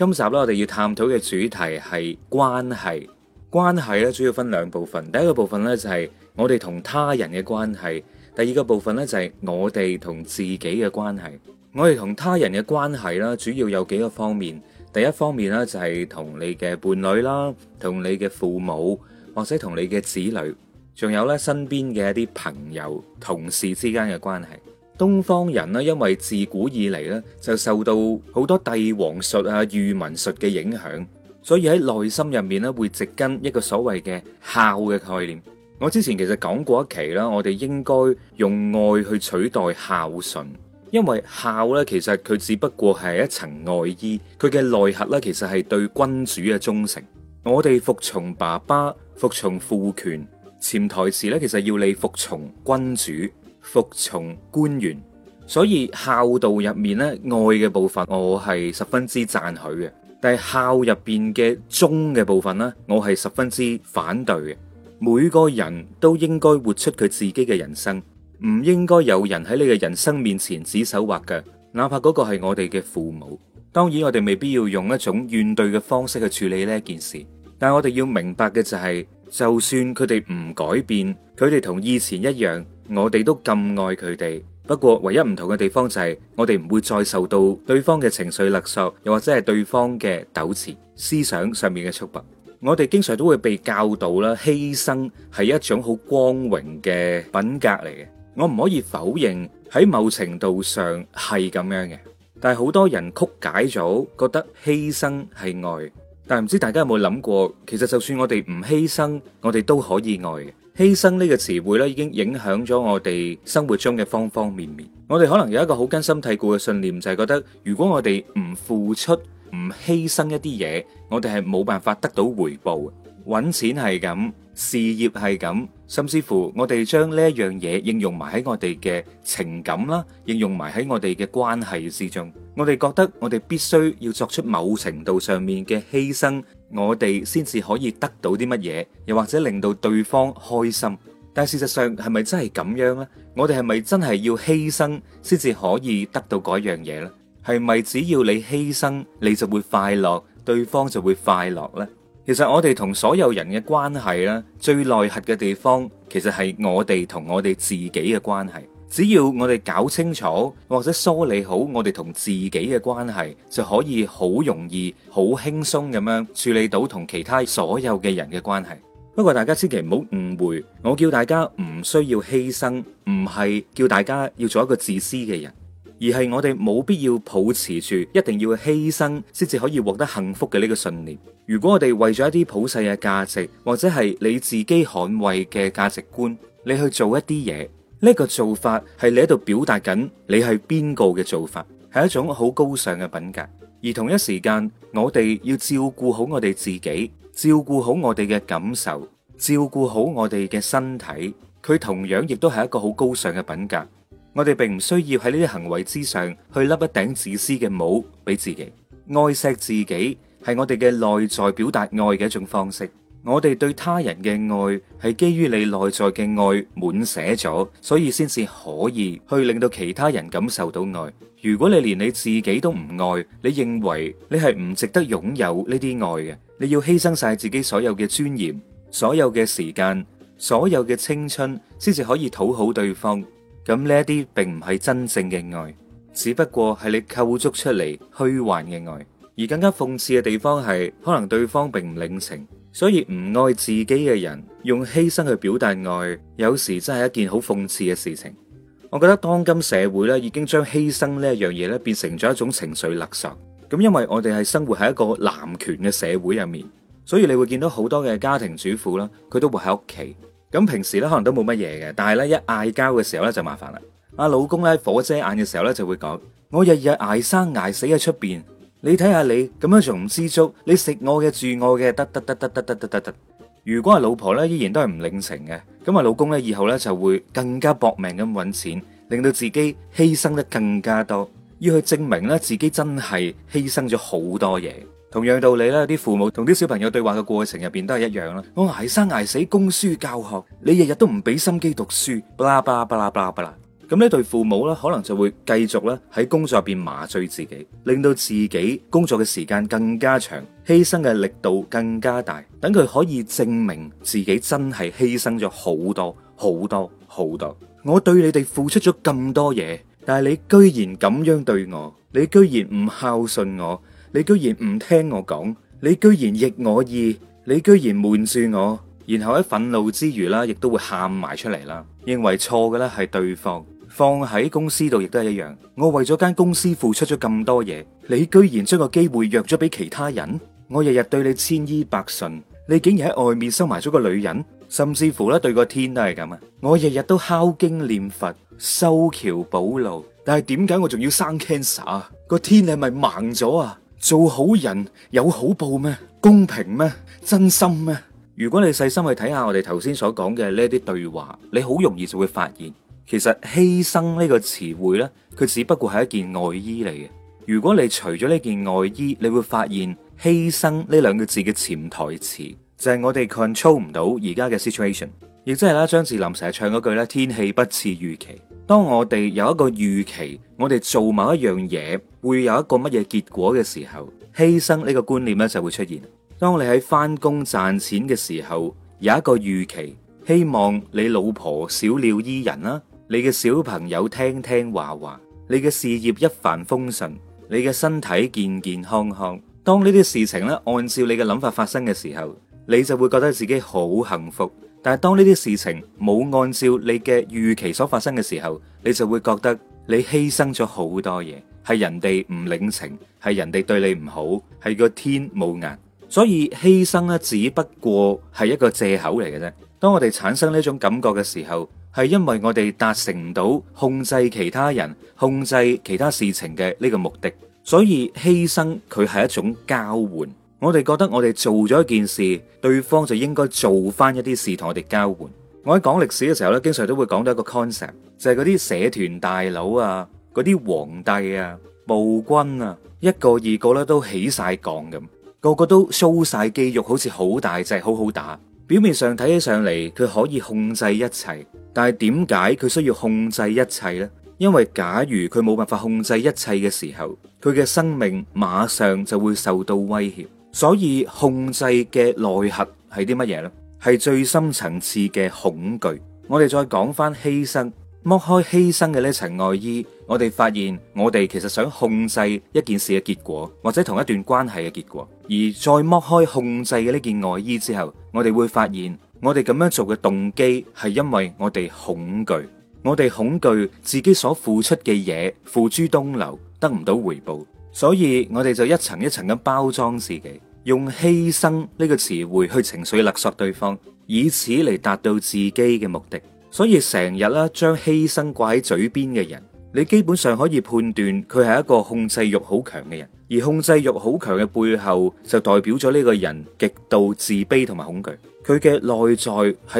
今集咧，我哋要探討嘅主題係關係。關係咧，主要分兩部分。第一個部分咧就係我哋同他人嘅關係；第二個部分咧就係我哋同自己嘅關係。我哋同他人嘅關係啦，主要有幾個方面。第一方面咧就係同你嘅伴侶啦，同你嘅父母或者同你嘅子女，仲有咧身邊嘅一啲朋友、同事之間嘅關係。東方人呢，因為自古以嚟呢，就受到好多帝王術啊、御民術嘅影響，所以喺內心入面呢，會植根一個所謂嘅孝嘅概念。我之前其實講過一期啦，我哋應該用愛去取代孝順，因為孝呢，其實佢只不過係一層外衣，佢嘅內核呢，其實係對君主嘅忠誠。我哋服從爸爸，服從父權，潛台詞呢，其實要你服從君主。服從官員，所以孝道入面咧，愛嘅部分，我係十分之讚許嘅。但係孝入邊嘅忠嘅部分呢，我係十分之反對嘅。每個人都應該活出佢自己嘅人生，唔應該有人喺你嘅人生面前指手畫腳，哪怕嗰個係我哋嘅父母。當然，我哋未必要用一種怨懟嘅方式去處理呢件事，但係我哋要明白嘅就係、是，就算佢哋唔改變，佢哋同以前一樣。我哋都咁愛佢哋，不過唯一唔同嘅地方就係，我哋唔會再受到對方嘅情緒勒索，又或者係對方嘅糾纏，思想上面嘅束縛。我哋經常都會被教導啦，犧牲係一種好光榮嘅品格嚟嘅。我唔可以否認喺某程度上係咁樣嘅，但係好多人曲解咗，覺得犧牲係愛。但係唔知大家有冇諗過，其實就算我哋唔犧牲，我哋都可以愛嘅。犧牲呢個詞彙咧，已經影響咗我哋生活中嘅方方面面。我哋可能有一個好根深蒂固嘅信念，就係覺得如果我哋唔付出、唔犧牲一啲嘢，我哋係冇辦法得到回報。揾錢係咁，事業係咁，甚至乎我哋將呢一樣嘢應用埋喺我哋嘅情感啦，應用埋喺我哋嘅關係之中，我哋覺得我哋必須要作出某程度上面嘅犧牲。我哋先至可以得到啲乜嘢，又或者令到對方開心。但係事實上，係咪真係咁樣咧？我哋係咪真係要犧牲先至可以得到嗰樣嘢咧？係咪只要你犧牲，你就會快樂，對方就會快樂咧？其實我哋同所有人嘅關係咧，最內核嘅地方，其實係我哋同我哋自己嘅關係。只要我哋搞清楚或者梳理好我哋同自己嘅關係，就可以好容易、好輕鬆咁樣處理到同其他所有嘅人嘅關係。不過大家千祈唔好誤會，我叫大家唔需要犧牲，唔係叫大家要做一個自私嘅人，而係我哋冇必要抱持住一定要犧牲先至可以獲得幸福嘅呢個信念。如果我哋為咗一啲普世嘅價值，或者係你自己捍衛嘅價值觀，你去做一啲嘢。呢個做法係你喺度表達緊你係邊個嘅做法，係一種好高尚嘅品格。而同一時間，我哋要照顧好我哋自己，照顧好我哋嘅感受，照顧好我哋嘅身體，佢同樣亦都係一個好高尚嘅品格。我哋並唔需要喺呢啲行為之上去笠一頂自私嘅帽俾自己，愛錫自己，係我哋嘅內在表達愛嘅一種方式。我哋對他人嘅愛係基於你內在嘅愛滿瀉咗，所以先至可以去令到其他人感受到愛。如果你連你自己都唔愛，你認為你係唔值得擁有呢啲愛嘅，你要犧牲晒自己所有嘅尊嚴、所有嘅時間、所有嘅青春，先至可以討好對方。咁呢一啲並唔係真正嘅愛，只不過係你構築出嚟，虛幻嘅愛。而更加諷刺嘅地方係，可能對方並唔領情。所以唔愛自己嘅人用犧牲去表達愛，有時真係一件好諷刺嘅事情。我覺得當今社會咧，已經將犧牲呢一樣嘢咧，變成咗一種情緒勒索，咁因為我哋係生活喺一個男權嘅社會入面，所以你會見到好多嘅家庭主婦啦，佢都會喺屋企。咁平時咧可能都冇乜嘢嘅，但係咧一嗌交嘅時候咧就麻煩啦。阿老公咧火遮眼嘅時候咧就會講：我日日捱生捱死喺出邊。你睇下你咁樣仲唔知足？你食我嘅住我嘅，得得得得得得得得得。如果係老婆呢，依然都係唔領情嘅，咁啊老公呢，以後呢就會更加搏命咁揾錢，令到自己犧牲得更加多，要去證明呢，自己真係犧牲咗好多嘢。同樣道理咧，啲父母同啲小朋友對話嘅過程入邊都係一樣啦。我捱生捱死供書教學，你日日都唔俾心機讀書，巴拉巴拉巴拉巴拉。咁呢對父母咧，可能就會繼續咧喺工作入邊麻醉自己，令到自己工作嘅時間更加長，犧牲嘅力度更加大。等佢可以證明自己真係犧牲咗好多好多好多。我對你哋付出咗咁多嘢，但係你居然咁樣對我，你居然唔孝順我，你居然唔聽我講，你居然逆我意，你居然瞞住我，然後喺憤怒之餘啦，亦都會喊埋出嚟啦，認為錯嘅咧係對方。放喺公司度亦都係一樣，我為咗間公司付出咗咁多嘢，你居然將個機會約咗俾其他人？我日日對你千依百順，你竟然喺外面收埋咗個女人，甚至乎咧對個天都係咁啊！我日日都敲經念佛修橋補路，但係點解我仲要生 cancer 啊？個天你係咪盲咗啊？做好人有好報咩？公平咩？真心咩？如果你細心去睇下我哋頭先所講嘅呢啲對話，你好容易就會發現。其實犧牲呢個詞彙呢，佢只不過係一件外衣嚟嘅。如果你除咗呢件外衣，你會發現犧牲呢兩個字嘅潛台詞就係、是、我哋 control 唔到而家嘅 situation，亦即係啦，張智霖成日唱嗰句咧，天氣不似預期。當我哋有一個預期，我哋做某一樣嘢會有一個乜嘢結果嘅時候，犧牲呢個觀念呢就會出現。當你喺返工賺錢嘅時候，有一個預期，希望你老婆小鳥依人啦、啊。你嘅小朋友聽聽話話，你嘅事業一帆風順，你嘅身體健健康康。當呢啲事情咧按照你嘅諗法發生嘅時候，你就會覺得自己好幸福。但係當呢啲事情冇按照你嘅預期所發生嘅時候，你就會覺得你犧牲咗好多嘢，係人哋唔領情，係人哋對你唔好，係個天冇眼。所以犧牲呢，只不過係一個借口嚟嘅啫。當我哋產生呢種感覺嘅時候，係因為我哋達成唔到控制其他人、控制其他事情嘅呢個目的，所以犧牲佢係一種交換。我哋覺得我哋做咗一件事，對方就應該做翻一啲事同我哋交換。我喺講歷史嘅時候咧，經常都會講到一個 concept，就係嗰啲社團大佬啊、嗰啲皇帝啊、暴君啊，一個二個咧都起晒槓咁，個個都粗晒肌肉，好似好大隻，好好打。表面上睇起上嚟，佢可以控制一切，但係點解佢需要控制一切咧？因為假如佢冇辦法控制一切嘅時候，佢嘅生命馬上就會受到威脅。所以控制嘅內核係啲乜嘢咧？係最深層次嘅恐懼。我哋再講翻犧牲。剝開犧牲嘅呢層外衣，我哋發現我哋其實想控制一件事嘅結果，或者同一段關係嘅結果。而再剝開控制嘅呢件外衣之後，我哋會發現我哋咁樣做嘅動機係因為我哋恐懼，我哋恐懼自己所付出嘅嘢付諸東流，得唔到回報，所以我哋就一層一層咁包裝自己，用犧牲呢個詞彙去情緒勒索對方，以此嚟達到自己嘅目的。所以成日咧將犧牲掛喺嘴邊嘅人，你基本上可以判斷佢係一個控制欲好強嘅人，而控制欲好強嘅背後就代表咗呢個人極度自卑同埋恐懼，佢嘅內在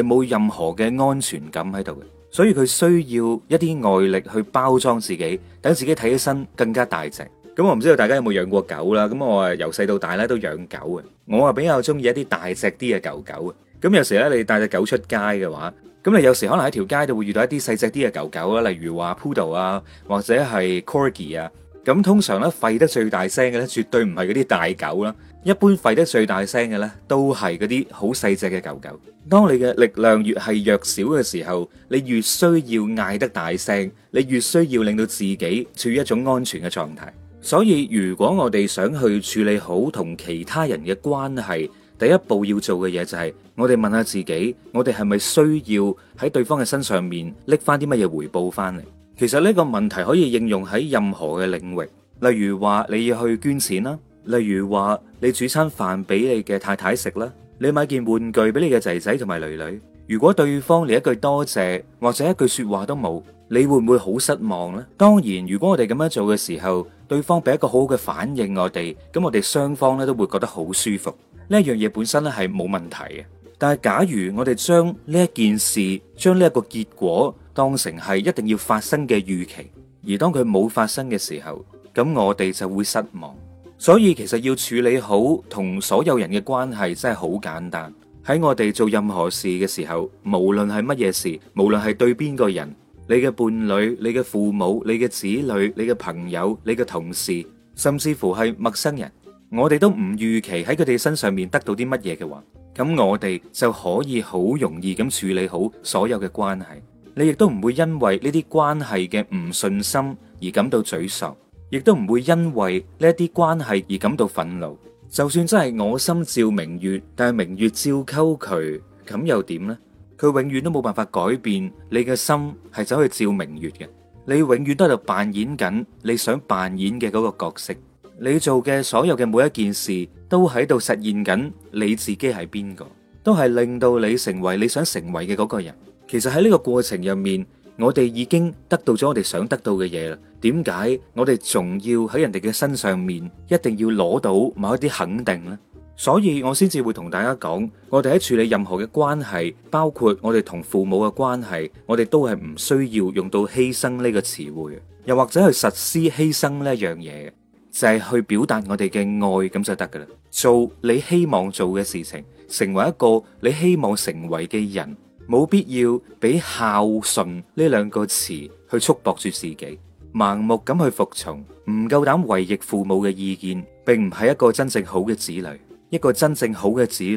係冇任何嘅安全感喺度嘅，所以佢需要一啲外力去包裝自己，等自己睇起身更加大隻。咁我唔知道大家有冇養過狗啦，咁我由細到大咧都養狗嘅，我啊比較中意一啲大隻啲嘅狗狗啊。咁有時咧你帶隻狗出街嘅話，咁你有時可能喺條街度會遇到一啲細隻啲嘅狗狗啦，例如話 Poodle 啊，或者係 Corgi 啊。咁通常咧吠得最大聲嘅咧，絕對唔係嗰啲大狗啦。一般吠得最大聲嘅咧，都係嗰啲好細隻嘅狗狗。當你嘅力量越係弱小嘅時候，你越需要嗌得大聲，你越需要令到自己處於一種安全嘅狀態。所以如果我哋想去處理好同其他人嘅關係，第一步要做嘅嘢就係。我哋問下自己，我哋係咪需要喺對方嘅身上面拎翻啲乜嘢回報翻嚟？其實呢個問題可以應用喺任何嘅領域，例如話你要去捐錢啦，例如話你煮餐飯俾你嘅太太食啦，你買件玩具俾你嘅仔仔同埋女女。如果對方連一句多謝或者一句說話都冇，你會唔會好失望呢？當然，如果我哋咁樣做嘅時候，對方俾一個好好嘅反應我哋，咁我哋雙方咧都會覺得好舒服。呢一樣嘢本身咧係冇問題嘅。但係，假如我哋將呢一件事、將呢一個結果當成係一定要發生嘅預期，而當佢冇發生嘅時候，咁我哋就會失望。所以，其實要處理好同所有人嘅關係，真係好簡單。喺我哋做任何事嘅時候，無論係乜嘢事，無論係對邊個人，你嘅伴侶、你嘅父母、你嘅子女、你嘅朋友、你嘅同事，甚至乎係陌生人，我哋都唔預期喺佢哋身上面得到啲乜嘢嘅話。咁我哋就可以好容易咁處理好所有嘅關係，你亦都唔會因為呢啲關係嘅唔信心而感到沮喪，亦都唔會因為呢一啲關係而感到憤怒。就算真係我心照明月，但係明月照溝渠，咁又點呢？佢永遠都冇辦法改變你嘅心係走去照明月嘅，你永遠都喺度扮演緊你想扮演嘅嗰個角色。你做嘅所有嘅每一件事，都喺度實現緊你自己係邊個，都係令到你成為你想成為嘅嗰個人。其實喺呢個過程入面，我哋已經得到咗我哋想得到嘅嘢啦。點解我哋仲要喺人哋嘅身上面一定要攞到某一啲肯定咧？所以，我先至會同大家講，我哋喺處理任何嘅關係，包括我哋同父母嘅關係，我哋都係唔需要用到犧牲呢個詞彙，又或者去實施犧牲呢一樣嘢。就係去表達我哋嘅愛，咁就得噶啦。做你希望做嘅事情，成為一個你希望成為嘅人，冇必要俾孝順呢兩個詞去束縛住自己，盲目咁去服從，唔夠膽違逆父母嘅意見，並唔係一個真正好嘅子女。一個真正好嘅子女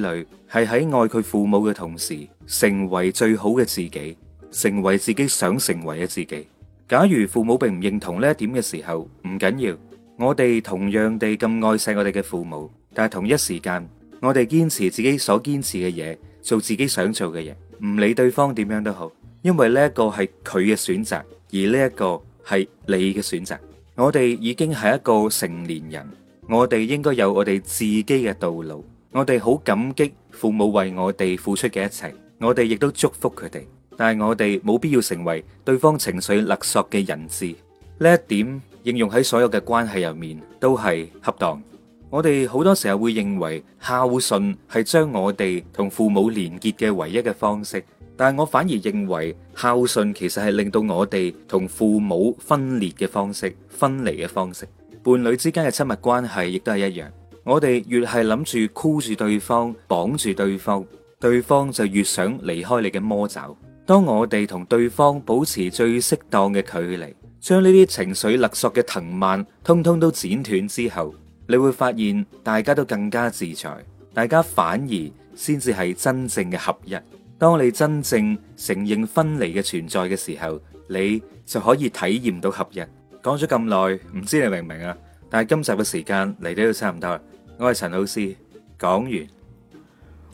係喺愛佢父母嘅同時，成為最好嘅自己，成為自己想成為嘅自己。假如父母並唔認同呢一點嘅時候，唔緊要。我哋同樣地咁愛惜我哋嘅父母，但係同一時間，我哋堅持自己所堅持嘅嘢，做自己想做嘅嘢，唔理對方點樣都好，因為呢一個係佢嘅選擇，而呢一個係你嘅選擇。我哋已經係一個成年人，我哋應該有我哋自己嘅道路。我哋好感激父母為我哋付出嘅一切，我哋亦都祝福佢哋，但係我哋冇必要成為對方情緒勒索嘅人質。呢一點。應用喺所有嘅關係入面都係恰當。我哋好多時候會認為孝順係將我哋同父母連結嘅唯一嘅方式，但係我反而認為孝順其實係令到我哋同父母分裂嘅方式、分離嘅方式。伴侶之間嘅親密關係亦都係一樣，我哋越係諗住箍住對方、綁住對方，對方就越想離開你嘅魔爪。當我哋同對方保持最適當嘅距離。將呢啲情緒勒索嘅藤蔓，通通都剪斷之後，你會發現大家都更加自在，大家反而先至係真正嘅合一。當你真正承認分離嘅存在嘅時候，你就可以體驗到合一。講咗咁耐，唔知你明唔明啊？但係今集嘅時間嚟到都差唔多。我係陳老師，講完。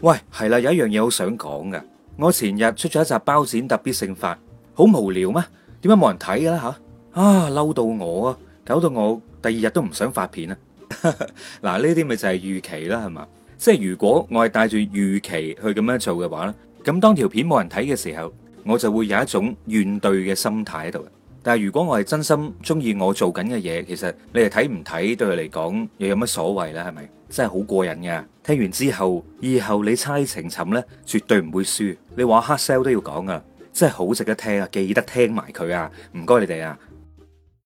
喂，係啦，有一樣嘢好想講噶。我前日出咗一集包剪特別性法，好無聊咩？點解冇人睇嘅啦吓？啊！嬲到我啊，搞到我第二日都唔想發片啊！嗱，呢啲咪就係預期啦，係嘛？即係如果我係帶住預期去咁樣做嘅話咧，咁當條片冇人睇嘅時候，我就會有一種怨懟嘅心態喺度。但係如果我係真心中意我做緊嘅嘢，其實你係睇唔睇對佢嚟講又有乜所謂啦？係咪？真係好過癮噶！聽完之後，以後你猜情尋咧，絕對唔會輸。你話黑 sell 都要講噶，真係好值得聽啊！記得聽埋佢啊！唔該你哋啊！